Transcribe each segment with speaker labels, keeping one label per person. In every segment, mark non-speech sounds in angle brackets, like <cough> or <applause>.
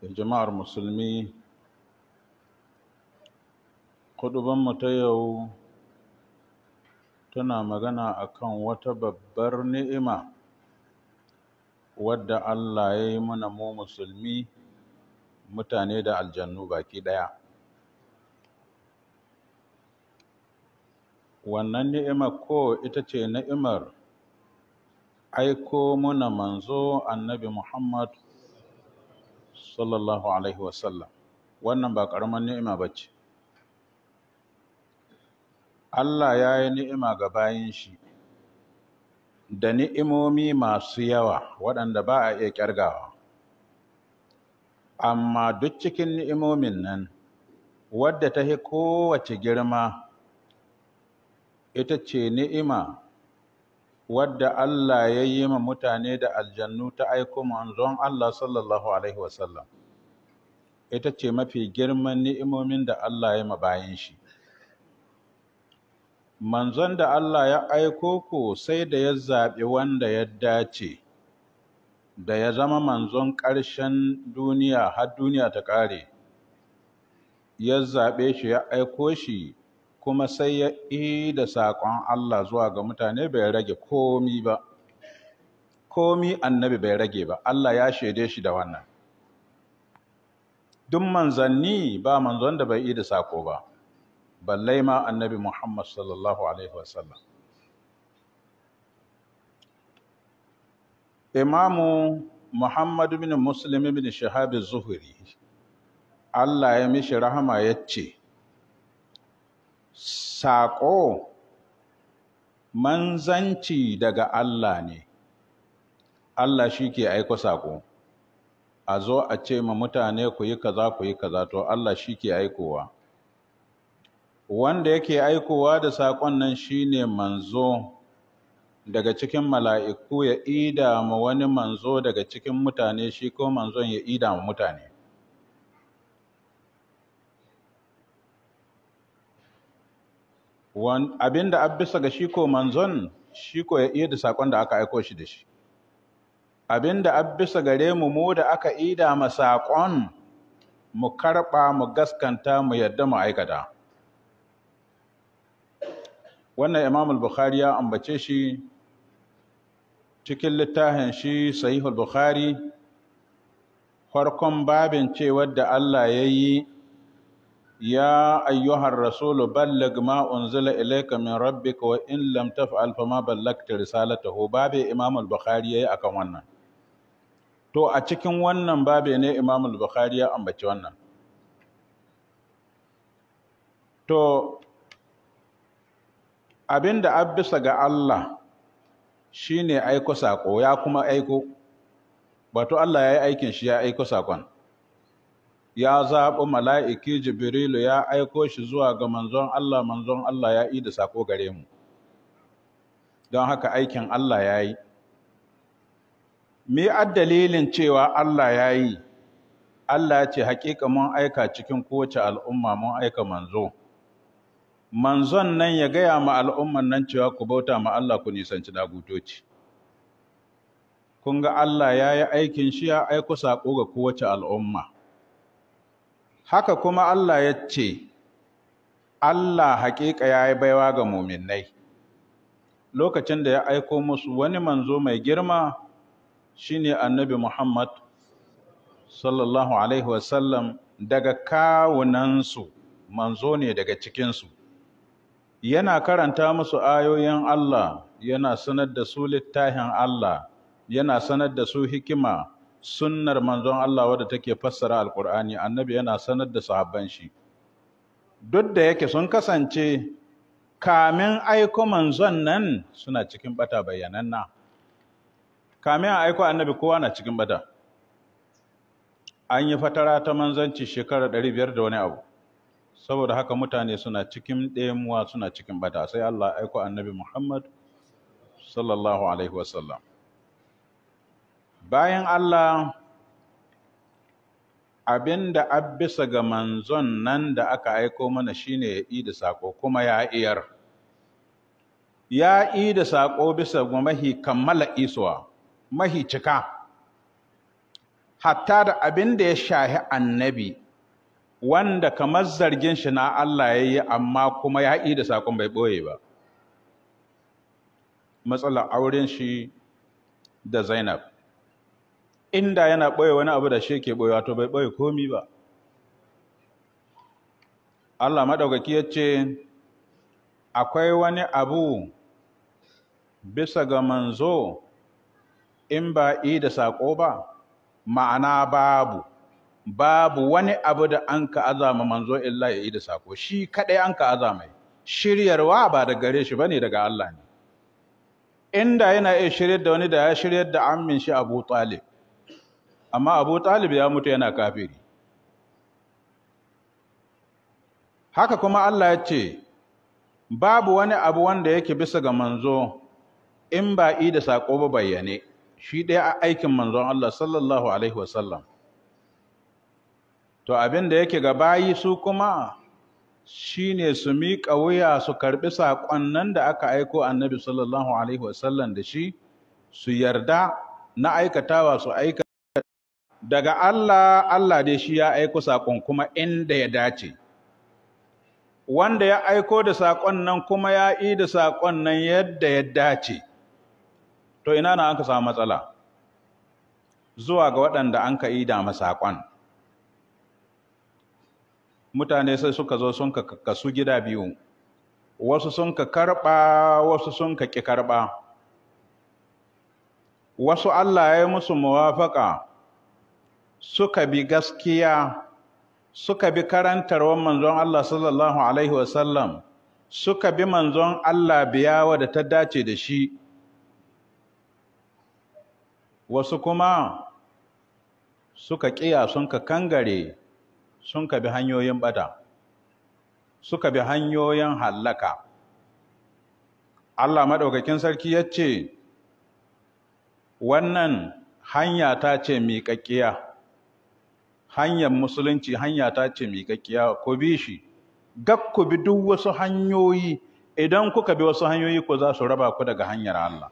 Speaker 1: da jama'ar musulmi mu ta yau tana magana a kan wata babbar ni'ima wadda Allah ya yi mana mu musulmi mutane da aljannu baki ɗaya wannan ni'ima ko ita ce ni'imar aiko muna manzo annabi Muhammad sallallahu alaihi wasallam wannan ba ƙaramin ni'ima ba ce Allah ya yi ni'ima ga bayan shi da ni'imomi masu yawa waɗanda ba a iya ƙyargawa amma duk cikin ni'imomin nan wadda ta kowace girma ita ce ni'ima wadda Allah ya yi ma mutane da aljannu ta aiko manzon Allah sallallahu alaihi wasallam ita ce mafi girman ni'imomin da Allah ya bayan shi manzon da Allah ya aiko ku sai da ya zaɓi wanda ya dace da ya zama manzon ƙarshen duniya har duniya ta ƙare ya zaɓe shi ya aiko shi kuma sai ya da saƙon Allah zuwa ga mutane bai rage komi ba komi annabi bai rage ba Allah ya shaide shi da wannan duk manzanni ba manzon da bai da saƙo ba ballai ma annabi Muhammad sallallahu alaihi wasallam imamu Muhammadu bin Muslim bin Shahab Zuhuri, Allah ya mishi rahama ya ce. saƙo manzanci daga Allah ne Allah shi ke aiko saƙo a zo a ce ma mutane ku yi kaza ku yi kaza to Allah shi ke aikowa wanda yake aikowa da saƙon nan shi ne manzo daga cikin mala'iku ya ida ma wani manzo daga cikin mutane shi ko manzon ya ida ma mutane abin da bisa ga shi ko manzon shi ko ya iya da saƙon da aka aiko shi da shi abin da bisa gare mu mu da aka ida ma saƙon mu karɓa mu gaskanta mu yadda mu aikata wannan imam al-bukhari ya ambace shi cikin littafin shi sahihul bukhari farkon babin cewar da Allah ya yi يا أيها الرسول بلغ ما أنزل إليك من ربك وإن لم تفعل فما بلغت رسالته باب إمام البخاري أكن wannan to a cikin wannan babe ne Imam al-Bukhari ya ambaci wannan to abinda abisa ga Allah shine aiko sako ya kuma aiko wato Allah ya yi aikin shi ya aiko sakon ya zaɓi mala'iki Jibrilu ya aiko shi zuwa ga manzon Allah, manzon Allah ya yi da sako gare mu. Don haka aikin Allah ya yi. Me dalilin cewa Allah ya yi, Allah ce haƙiƙa mun aika cikin kowace al'umma mun aika manzo. Manzon nan ya gaya ma al'umman nan cewa ku bauta ma Allah ku nisanci dagutoci. Kun ga Allah ya yi aikin shi ya aiko sako ga kowace al'umma. haka kuma Allah ya ce Allah haƙiƙa ya yi baiwa ga muminai lokacin da ya aiko musu wani manzo mai girma shine annabi Muhammad sallallahu alaihi wasallam daga kawunansu manzo ne daga cikinsu yana karanta musu ayoyin Allah yana sanar da su littafin Allah yana sanar da su hikima sunnar manzon Allah wadda take fassara alkur'ani annabi yana sanar da sahabban shi duk da yake sun kasance kamin aiko manzon nan suna cikin bata bayyananna kamin a aiko annabi kowa na cikin bata an yi fatara ta manzanci shekara biyar da wani abu saboda haka mutane suna cikin ɗemuwa suna cikin bata sai Allah aiko annabi Muhammad sallallahu alaihi wasallam bayan Allah abin da bisa ga manzon nan da aka aiko mana shine ya ida sako kuma ya iyar ya ida sako bisa ga mahi kammala isuwa mahi cika hatta da abin da ya shahi annabi wanda kamar zargin shi na Allah ya yi amma kuma ya ida sakon bai ɓoye ba matsalar auren shi da Zainab inda yana ɓoye wani abu da shi ke ɓoye to bai ɓoye komi ba Allah maɗaukaki ya ce akwai wani abu bisa ga manzo in ba i da saƙo ba ma'ana babu babu wani abu da an ka azama manzo illa ya yi da saƙo shi kaɗai an ka azama shiryarwa ba da gare shi ba ne daga Allah ne inda yana iya shiryar da wani da ya shiryar da amin shi abu talib amma abu talib ya mutu yana kafiri haka kuma Allah ya ce babu wani abu wanda yake bisa ga manzo in ba i da saƙo ba bayyane shi ɗaya aikin manzon Allah sallallahu alaihi wasallam to abin da yake ga bayi su kuma shine su miƙa wuya su karɓi saƙon nan da aka aiko annabi sallallahu alaihi wasallam da shi su yarda na aikatawa su aika daga Allah Allah dai shi ya aiko saƙon kuma inda ya dace wanda ya aiko da saƙon nan kuma ya yi da saƙon nan yadda ya dace to ina na anka samu matsala zuwa ga waɗanda an ka yi da masaƙon mutane sai suka zo sun ka kasu gida biyu wasu sun ka karɓa wasu sun ka ƙi karɓa wasu Allah ya yi musu muwafaƙa suka bi gaskiya suka bi karantarwar manzon Allah sallallahu alaihi wasallam suka bi manzon Allah biyawa da ta dace da shi wasu kuma suka ƙiya sun ka kangare sun ka bi hanyoyin bada suka bi hanyoyin hallaka Allah maɗaukakin sarki ya ce wannan hanya ta ce miƙaƙƙiya hanyar musulunci hanya ta ce miƙaƙƙiya ko bi shi gakku ku bi duk wasu hanyoyi idan kuka bi wasu hanyoyi ku za su raba ku daga hanyar Allah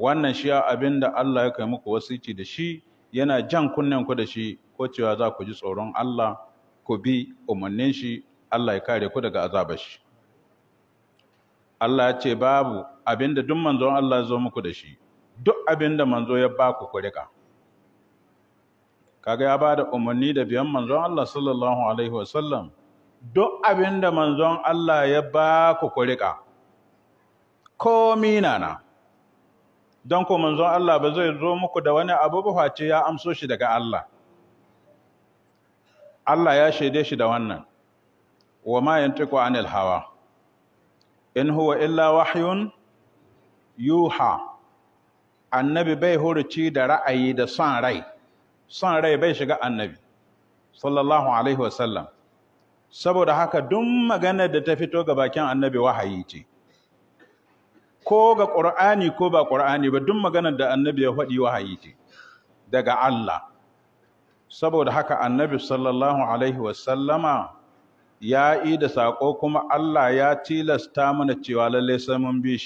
Speaker 1: wannan shi abin da Allah ya kai muku wasici da shi yana jan kunnen ku da shi ko cewa za ku ji tsoron Allah ku bi umarnin shi Allah ya kare ku daga azabar shi Allah ya ce babu abin da duk manzon Allah ya zo muku da shi duk abin da manzo ya ba ku ku riƙa kaga ya bada umarni da biyan manzon Allah sallallahu alaihi wasallam duk abin da manzon Allah ya ba ku kurika komi nana don ku manzon Allah ba zai zo muku da wani abu ba ce ya amso shi daga Allah Allah ya shaide shi da wannan wa ma yantiqu anil hawa in huwa illa wahyun yuha annabi bai hurci da ra'ayi da son rai son rai bai shiga annabi sallallahu alaihi wasallam saboda haka duk maganar da ta fito ga bakin annabi wahayi ce ko ga ƙur'ani ko ba ƙur'ani ba duk maganar da annabi ya faɗi wahayi ce daga Allah saboda haka annabi sallallahu alaihi wasallama ya yi da saƙo kuma Allah ya tilasta mana cewa lallai sai mun bi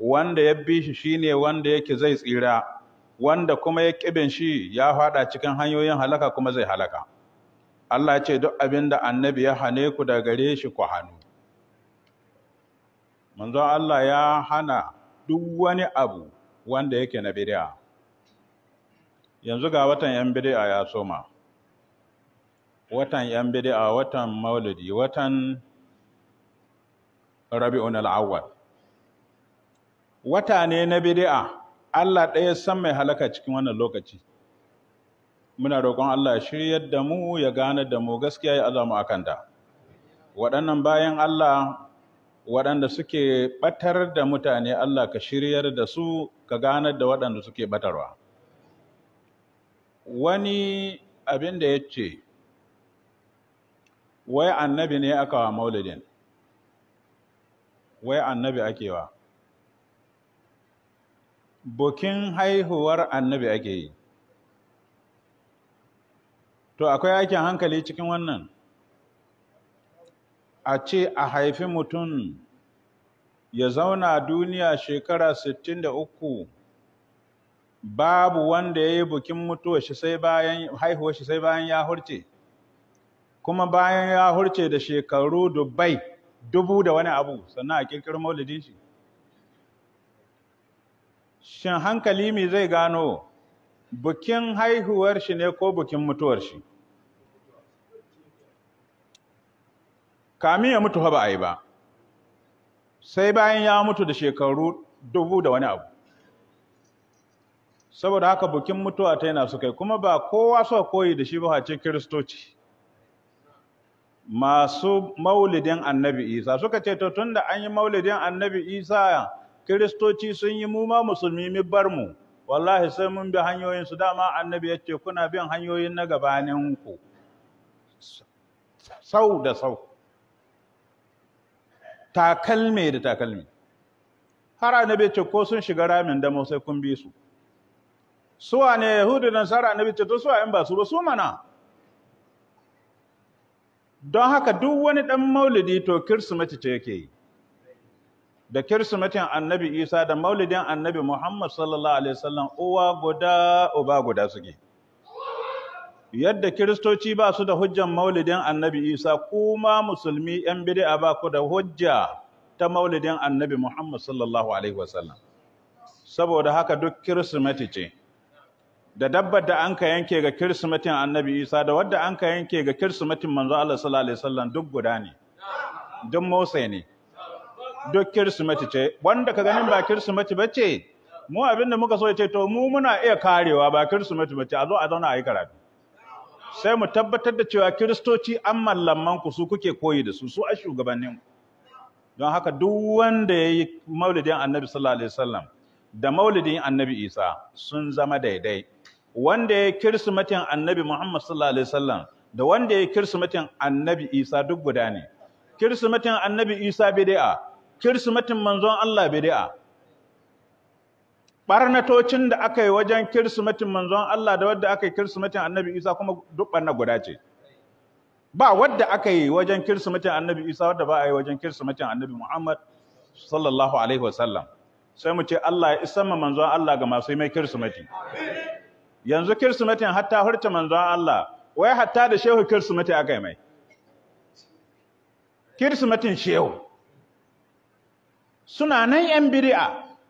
Speaker 1: wanda ya bi shi shine wanda yake zai tsira wanda kuma ya ƙibin shi ya faɗa cikin hanyoyin halaka kuma zai halaka Allah ce duk abin da annabi ya hane ku da gare shi ku hannu manzo Allah ya hana duk wani abu wanda yake na bid'a yanzu ga watan yan bid'a ya soma watan yan bid'a watan maulidi watan rabi'un al wata ne na bid'a Allah ɗaya san mai halaka cikin wannan lokaci muna roƙon Allah ya shiryar da mu ya gane da mu gaskiya ya azamu a kanta. waɗannan bayan Allah waɗanda suke ɓatar da mutane Allah ka shiryar da su ka gane da waɗanda suke ɓatarwa wani abin da ya ce wai annabi ne aka wa maulidin wai annabi ake wa bukin haihuwar annabi ake yi to akwai aikin hankali cikin wannan a ce a haifi mutum ya zauna duniya shekara 63 babu wanda ya yi bukin mutuwa shi sai bayan haihuwa shi sai bayan ya hurce kuma bayan ya hurce da shekaru dubbai dubu da wani abu sannan a kirkiri maulidin shi shin hankali me zai gano bukin haihuwar shi ne ko bukin mutuwar shi kamin ya mutu ba a yi ba sai bayan ya mutu da shekaru dubu da wani abu saboda haka bukin mutuwa ta yana su kai kuma ba kowa so koyi da shi ba ce kiristoci masu maulidin annabi isa suka ce to tun da an yi maulidin annabi isa kiristoci sun yi mu ma musulmi mu bar mu wallahi sai mun bi hanyoyin su dama annabi yace kuna bin hanyoyin na gabanin ku sau da sau takalme da takalme har annabi ce ko sun shiga ramin da sai kun bi su suwa ne yahudu nan sara annabi ce to suwa in ba su ba su mana don haka duk wani dan maulidi to mace ce yake yi da kirsimetin annabi isa da maulidin annabi muhammad sallallahu alaihi wasallam uwa guda uba guda suke yadda kiristoci ba su da hujjan maulidin annabi isa kuma musulmi yan bid'a ba ku da hujja ta maulidin annabi muhammad sallallahu alaihi wasallam saboda haka duk kirsimeti ce da dabbar da an ka yanke ga kirsimetin annabi isa da wadda an ka yanke ga kirsimetin manzo allah sallallahu alaihi wasallam duk guda ne duk motsa ne duk kirsimeti ce wanda ka ganin ba kirsimeti ba ce mu abinda muka so ya ce to mu muna iya karewa ba kirsimeti ba ce a zo a zauna a yi karatu sai mu tabbatar da cewa kiristoci an mallaman ku su kuke koyi da su su a shugabannin don haka duk wanda ya yi maulidin annabi sallallahu alaihi wasallam da maulidin annabi isa sun zama daidai wanda ya kirsimetin annabi muhammad sallallahu alaihi wasallam da wanda ya kirsimetin annabi isa duk guda ne kirsimetin annabi isa bid'a kirsimatin manzon Allah bid'a barnatocin da aka yi wajen kirsimatin manzon Allah da wadda aka yi kirsimatin annabi Isa kuma duk barna guda ce ba wadda aka yi wajen kirsimatin annabi Isa wadda ba a yi wajen kirsimatin annabi Muhammad sallallahu alaihi wasallam sai mu ce Allah ya isa manzon Allah ga masu mai kirsimati yanzu kirsimatin hatta hurta manzon Allah wai hatta da shehu kirsimati aka yi mai kirsimatin shehu suna nan yan biri'a,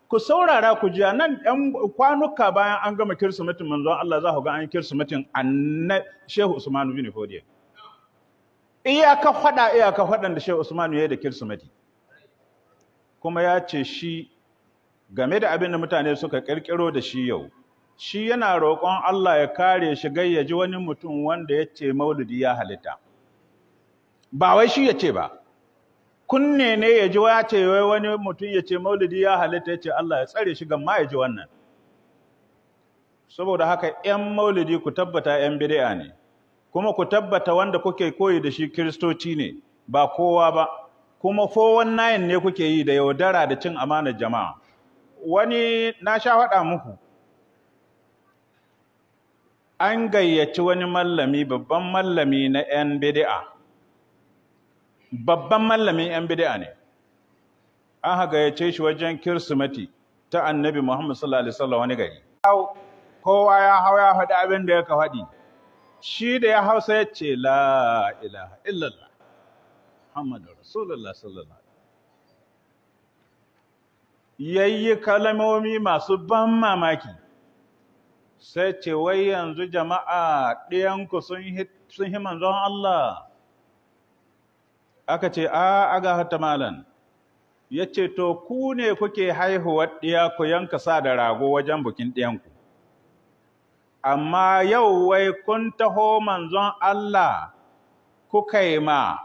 Speaker 1: ku saurara ku ji nan ɗan kwanuka bayan an gama kirsimetin manzon Allah za ku ga an kirsimetin annabi Shehu Usmanu bin iyaka faɗa iyaka faɗan da Shehu Usmanu ya yi da kirsimeti kuma ya ce shi game da abin da mutane suka ƙirƙiro da shi yau shi yana roƙon Allah ya kare shi gayyaji wani mutum wanda ya ce maulidi ya halitta ba wai shi ya ce ba kunne ne ya ji waya ce wai wani mutum ya ce maulidi ya halitta ya ce Allah ya tsare shi gamma ya ji wannan saboda haka yan maulidi ku tabbata yan bid'a ne kuma ku tabbata wanda kuke koyi da shi kiristoci ne ba kowa ba kuma fowan nayin ne kuke yi da yaudara da cin amanar jama'a wani na sha faɗa muku an gayyaci wani mallami babban mallami na 'yan bid'a babban mallamin yan bid'a ne an haka ya ce shi wajen kirsimati ta annabi Muhammad sallallahu alaihi wasallam wani gari kowa ya hau ya faɗi abin da ya ka faɗi shi da ya hausa ya ce la ilaha illallah Muhammad Rasulullah sallallahu yayyi kalamomi masu ban mamaki sai ce wai yanzu jama'a ɗiyanku sun hi manzon Allah aka ce a aga hatta malan ya ce to ku ne kuke haihuwar ɗiya ku yanka sa da rago wajen bukin ɗiyanku amma yau wai kun taho manzon Allah kuka yi ma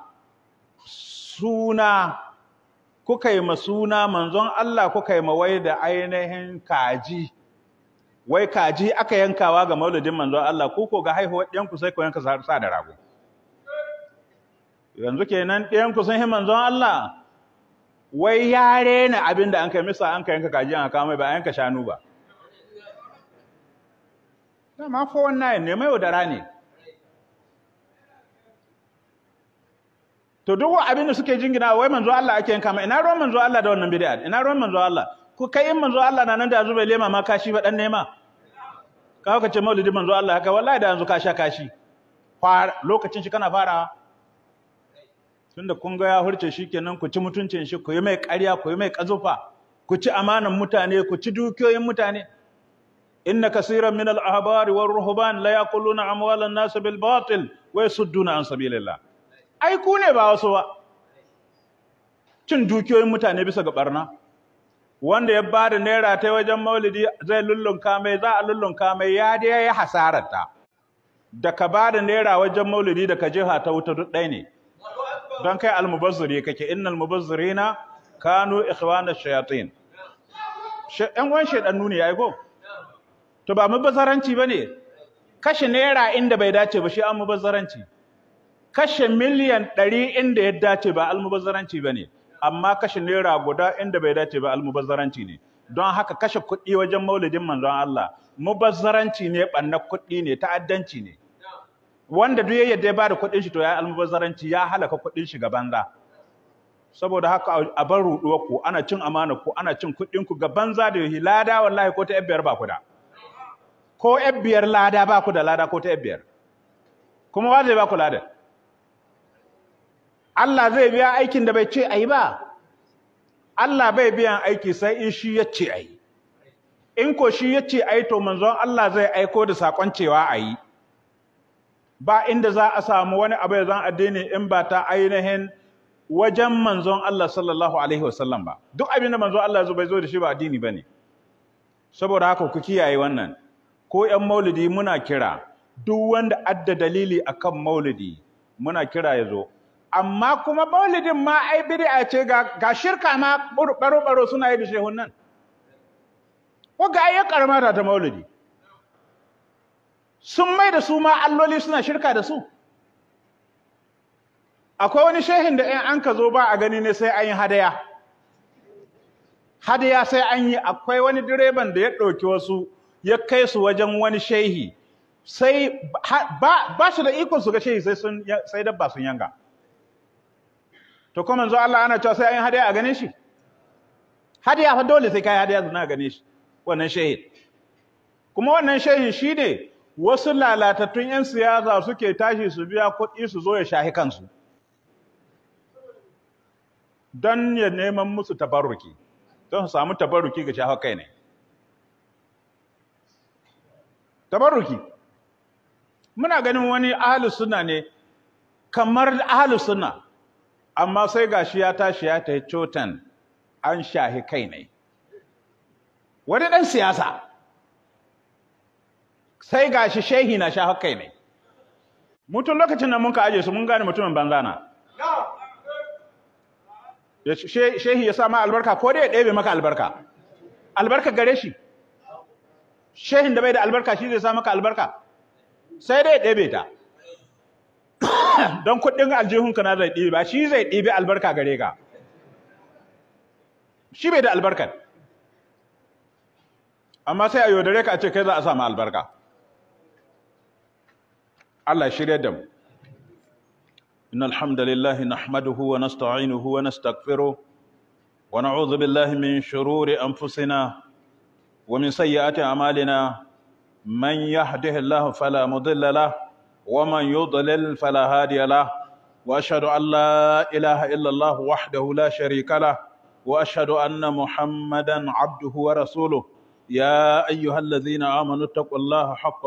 Speaker 1: suna kuka yi ma suna manzon Allah kuka yi ma wai da ainihin kaji wai kaji aka yankawa ga mauludin manzon Allah ko ko ga haihuwar ɗiyanku sai ku yanka sa da rago yanzu kenan ɗayan ku sun hi Allah wai ya rena abin da an kai misa an ka yanka kaji a kama ba a yanka shanu ba dama ko wannan ne mai wadara ne to duk abin da suke jingina wai manzo Allah ake yanka mai ina ruwan manzo Allah da wannan bid'a ina ruwan manzo Allah ku kai in manzo Allah na nan da zuba lema ma kashi ba dan nema kawo ka ce maulidi manzo Allah haka wallahi da yanzu ka sha kashi lokacin shi kana fara tunda kun ga ya hurce shi kenan ku ci mutuncin shi ku yi mai ƙarya ku yi mai ƙazufa ku ci amanan mutane ku ci dukiyoyin mutane inna kasiran min al-ahbari war ruhban la yaquluna an nas bil batil wa yasudduna an sabilillah ai ku ne ba wasu ba cin dukiyoyin mutane bisa ga barna wanda ya bada naira ta wajen maulidi zai lullunka mai za a lullunka mai ya dai ya ta da ka bada naira wajen maulidi da ka jiha ta wuta duk ɗaya ne don kai almubazziri kake innal mubazzirina kanu ikhwana shayatin Ƴan uwan shaidannu ne yayi go to ba mubazzaranci bane kashe naira inda bai dace ba shi an mubazzaranci kashe miliyan ɗari inda ya dace ba almubazzaranci bane amma kashe naira guda inda bai dace ba almubazzaranci ne don haka kashe kuɗi wajen maulidin manzon Allah mubazzaranci ne ɓanna kuɗi ne ta'addanci ne wanda duk yadda ya bada kuɗin shi to ya yi almubazzaranci ya halaka kuɗin shi ga banza saboda haka a bar ruɗuwa ku ana cin amana ku ana cin kuɗin ku ga banza da yi lada wallahi ko ta biyar ba ku da ko biyar lada ba ku da lada ko ta biyar kuma wa zai ba ku lada Allah zai biya aikin da bai ce ayi ba Allah bai biyan aiki sai in shi ya ce ayi in ko shi ya ce ayi to manzon Allah zai aiko da sakon cewa ayi ba inda za a samu wani abu ya zan addini in ba ta ainihin wajen manzon Allah sallallahu alaihi wasallam ba duk abin da manzon Allah bai zo da shi ba addini bane saboda haka ku kiyaye wannan ko 'yan maulidi muna kira duk wanda adda dalili akan maulidi muna kira ya zo amma kuma maulidin ma ai bid'a ce ga ga shirka ma baro baro suna yi da shehun nan ko ga ayyukan mata ta maulidi sun mai da su ma alloli suna shirka da su akwai wani shehin da 'yan an ka zo ba a gani ne sai an yi hadaya hadaya sai an yi akwai wani direban da ya ɗauki wasu ya kai su wajen wani shehi sai ba su da ikon su ga shehi sai dabba sun yanga to kuma zo Allah ana cewa sai an yi hadaya a gane shi hadaya fa dole sai kai hadaya zuna a gane shi wannan shehin kuma wannan shehin shi ne wasu lalatattun 'yan siyasa suke tashi su biya kuɗi su zo ya shahi kansu don ya neman musu tabarruki don su samu tabarruki ga shahar kai ne tabarruki muna ganin wani ahalus suna ne kamar ahalus suna amma sai gashi ya tashi ya ta cotan an shahi kai ne wani ɗan siyasa sai gashi shehi na sha hakkai ne mutum lokacin nan mun ka aje su mun gane mutumin banza na shehi ya sa ma albarka ko dai ya ɗebe maka albarka albarka gare shi shehin da bai da albarka shi zai sa maka albarka sai dai ya ɗebe ta <coughs> don kuɗin aljihunka na zai ɗebe ba shi zai ɗebe albarka gare ka shi bai da albarkar amma sai a yaudare ka a ce kai za a sa ma albarka Ala shirya da mu. Inna alhamdulillahi na hamaduhu wa nasta'inuhu wa nastaghfiru wa na'udhu billahi min shururi anfusina wa min sayyiati a'malina man yahdihillahu fala mudilla la wa man yudlil fala hadiya la wa ashhadu an la ilaha illa Allah wahdahu la sharika la anna Muhammadan 'abduhu wa rasuluhu يا ايها الذين امنوا اتقوا الله حق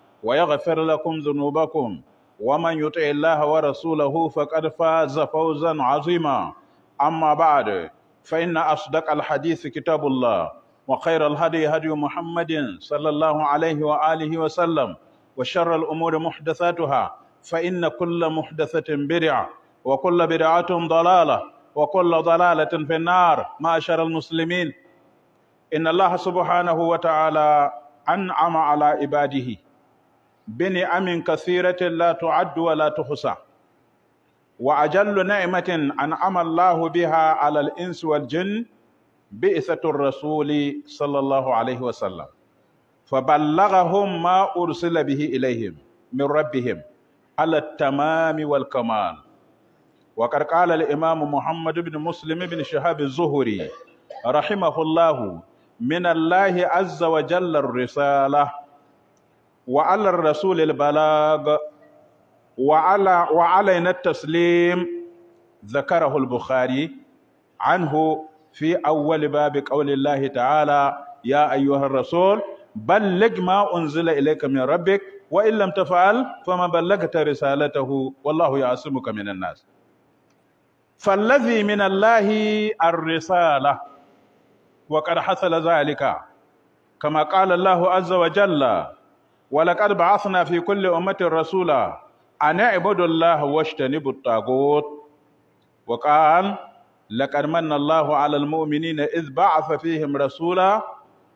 Speaker 1: ويغفر لكم ذنوبكم ومن يطع الله ورسوله فقد فاز فوزا عظيما أما بعد فإن أصدق الحديث كتاب الله وخير الهدي هدي محمد صلى الله عليه وآله وسلم وشر الأمور محدثاتها فإن كل محدثة بدعة وكل بدعة ضلالة وكل ضلالة في النار معشر المسلمين إن الله سبحانه وتعالى أنعم على عباده bini amin kasiratin la tu'addu wa la tuhsa wa ajallu ni'matin an'ama biha 'alal insi wal jinn rasuli sallallahu alaihi wa sallam faballaghahum ma ursila bihi ilayhim min rabbihim ala tamam wal kamal wa qad qala al imam Muhammad ibn Muslim ibn Shihab az-Zuhri rahimahullahu min Allahi azza wa jalla wa alar rasulil balag wa ala taslim zakarahu al-bukhari anhu fi awwal babi qawli ta'ala ya ayyuha ar-rasul balligh ma unzula ilayka min rabbik wa in lam taf'al fama ballaghta risalatahu wallahu ya'simuka minan nas فالذي من الله الرسالة وقد حصل ذلك كما قال الله عز وجل ولقد بعثنا في كل أمة رسولا أن اعبدوا الله واجتنبوا الطاغوت وقال لقد من الله على المؤمنين إذ بعث فيهم رسولا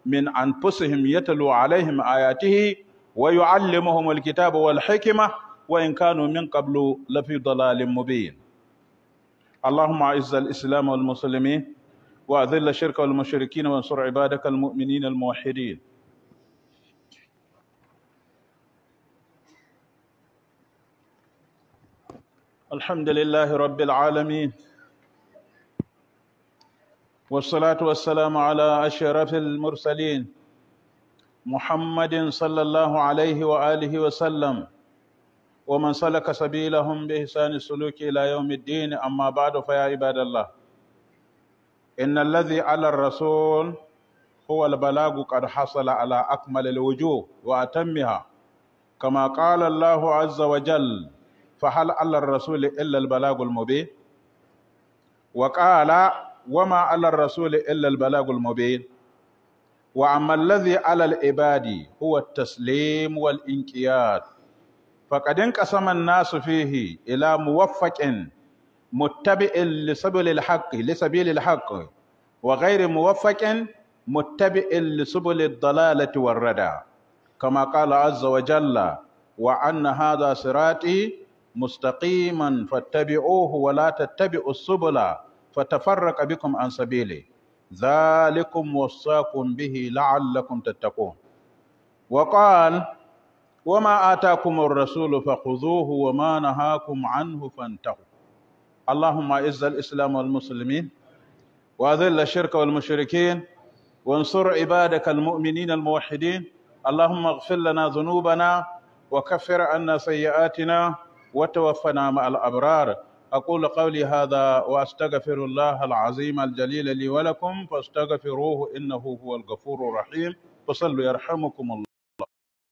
Speaker 1: من أنفسهم يتلو عليهم آياته ويعلمهم الكتاب والحكمة وإن كانوا من قبل لفي ضلال مبين اللهم أعز الإسلام والمسلمين وأذل الشرك والمشركين وانصر عبادك المؤمنين الموحدين Alhamdulillah Rabbil Alamin Wassalatu wassalamu ala ashrafil mursalin Muhammadin sallallahu alaihi wa alihi wa sallam wa man salaka sabilahum bi suluki ila yawmid din amma ba'du fa ya ibadallah Inna alladhi 'ala ar-rasul huwa al-balagu qad hasala 'ala akmalil wujuh wa atammiha kama qala Allahu 'azza wa jalla fa hal allar rasul illa al balagul mubin wa qala wama allar rasul illa al balagul mubin wa amma alladhi ibadi huwa at taslim wal inqiyad faqad inqasama an nasu fihi ila muwaffaqin muttabi'in li sabilil haqqi li sabilil haqqi wa ghairi muwaffaqin muttabi'in li sabilid dalalati war rada kama ƙala azza wa jalla wa anna hadha sirati mustaqiman fattabi'uhu wa la tattabi'us subula fatafarraqa bikum an sabili dhalikum wasaqum bihi la'allakum tattaqun wa qala wama atakumur rasulu fakhuzuhu wama nahakum anhu fantahu اللهم اعز الاسلام والمسلمين واذل الشرك والمشركين وانصر عبادك المؤمنين الموحدين اللهم اغفر لنا ذنوبنا وكفر عنا سيئاتنا وتوفنا مع الأبرار أقول قولي هذا وأستغفر الله العظيم الجليل لي ولكم فاستغفروه إنه هو الغفور الرحيم فصلوا يرحمكم الله